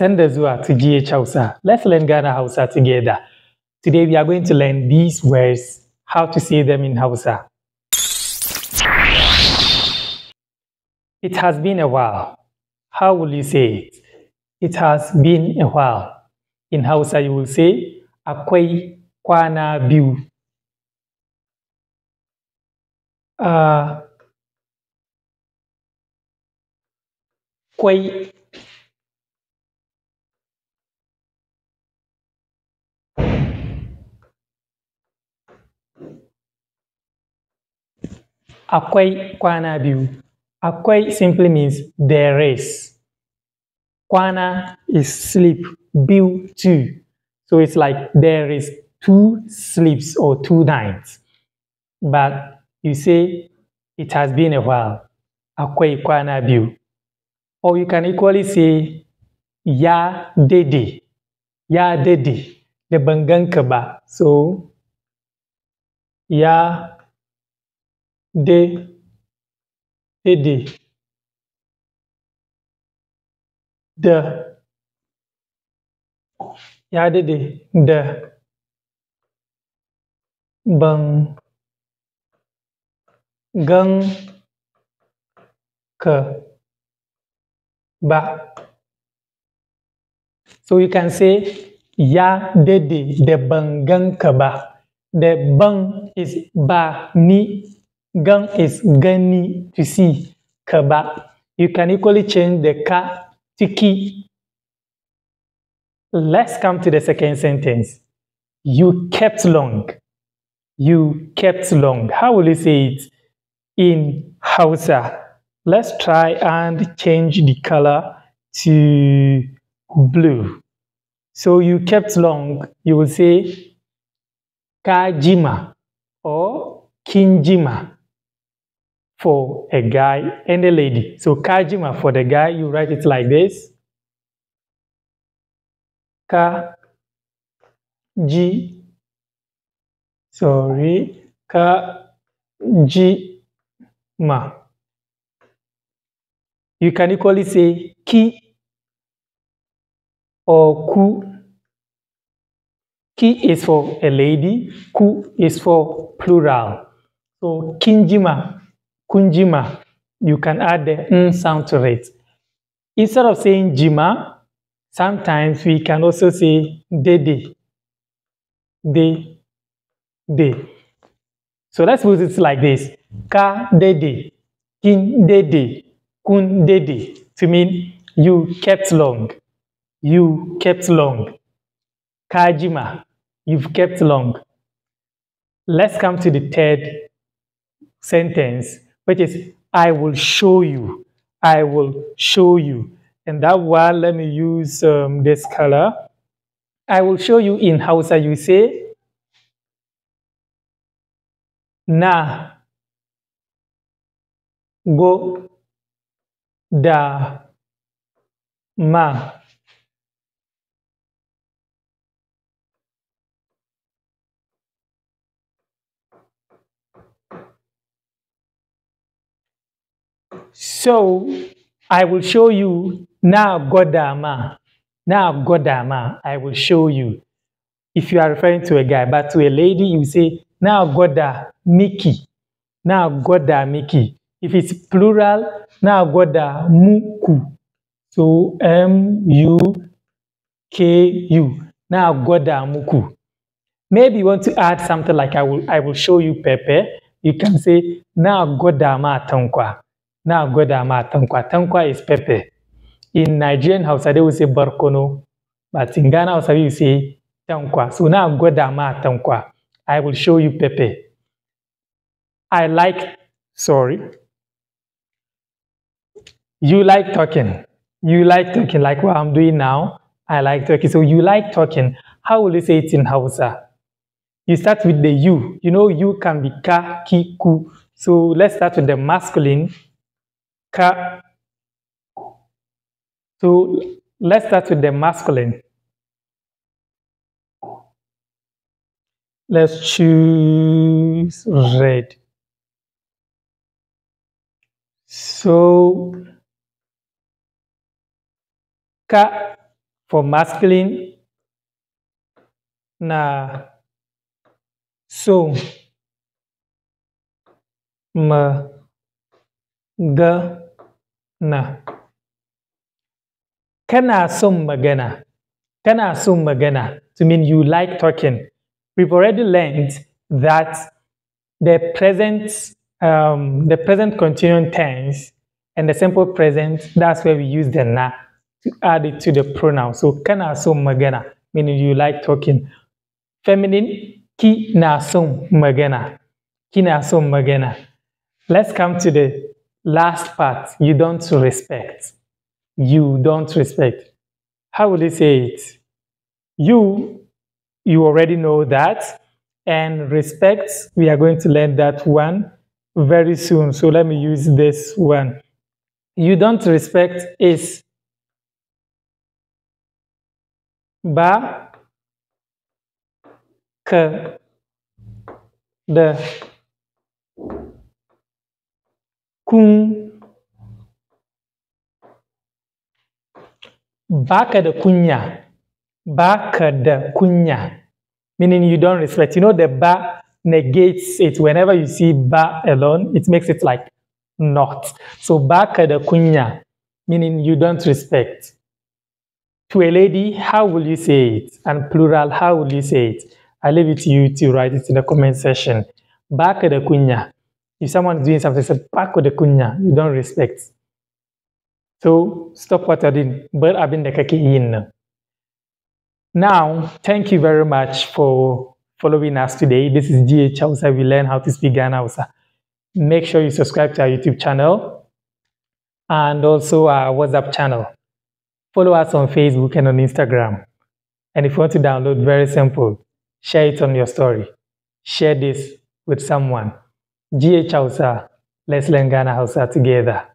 send us to GH Hausa. Let's learn Ghana Hausa together. Today we are going to learn these words, how to say them in Hausa. It has been a while. How will you say it? It has been a while. In Hausa you will say, akwai kwana biu." Uh, kwai akwai kwana biyu. Akwai simply means there is. Kwana is sleep, Biu two. So it's like there is two sleeps or two nights. But you say it has been a while. Akwai kwana biyu. Or you can equally say ya dede. Ya dede. Da bangan ganka ba. So ya D sai D. D ya daɗe da ban gan ka ba. So you can say ya daɗe da ban gan ka ba. The ban is ba ni Gan is gani to see, kaba. You can equally change the ka to ki. Let's come to the second sentence. You kept long. You kept long. How will you say it in Hausa? Let's try and change the color to blue. So you kept long, you will say kajima or kinjima for a guy and a lady. So Kajima for the guy, you write it like this. Ka G sorry Ka G Ma. You can equally say ki or ku. Ki is for a lady, ku is for plural. So kinjima kunjima, you can add the n sound to it. Instead of saying jima, sometimes we can also say dede, de, de. So let's use it like this. Ka dede, kin dede, kun dede, to mean you kept long, you kept long. Kajima, you've kept long. Let's come to the third sentence. which is, I will show you. I will show you. And that one, let me use um, this color. I will show you in Hausa, you say, Na go da ma So I will show you now Godama. Now Godama, I will show you. If you are referring to a guy, but to a lady, you say, now Goda Miki. Now Goda Miki. If it's plural, now Goda Muku. So M U K U. Now Goda Muku. Maybe you want to add something like I will I will show you Pepe. You can say now Godama Tonkwa. Now go da ma tankwa. Tankwa is pepper. In Nigerian Hausa, they will say barkono, but in Ghana Hausa, you say tankwa. So now go da ma tankwa. I will show you pepper. I like, sorry. You like talking. You like talking, like what I'm doing now. I like talking. So you like talking. How will you say it in Hausa? You start with the you. You know, you can be ka, ki, ku. So let's start with the masculine ka. So let's start with the masculine. Let's choose red. So, ka for masculine, na so, ma, ga, na kana son magana kana son magana to mean you like talking we've already learned that the present um, the present continuous tense and the simple present that's where we use the na to add it to the pronoun so kana son magana meaning you like talking feminine ki na son magana ki na son magana let's come to the last part you don't respect you don't respect how will you say it you you already know that and respect we are going to learn that one very soon so let me use this one you don't respect is ba ke de. Kung baka da kunya baka da kunya meaning you don't respect. you know the ba negates it whenever you see ba alone it makes it like not so baka da kunya meaning you don't respect to a lady how will you say it and plural how will you say it i leave it to you to write it in the comment section baka da kunya if someone is doing something, say, Pako de kunya, you don't respect. So stop what you're doing. But I've been the kaki in. Now, thank you very much for following us today. This is GH Hausa. We learn how to speak Ghana Hausa. Make sure you subscribe to our YouTube channel and also our WhatsApp channel. Follow us on Facebook and on Instagram. And if you want to download, very simple. Share it on your story. Share this with someone. GH Hausa. Let's learn Ghana Hausa together.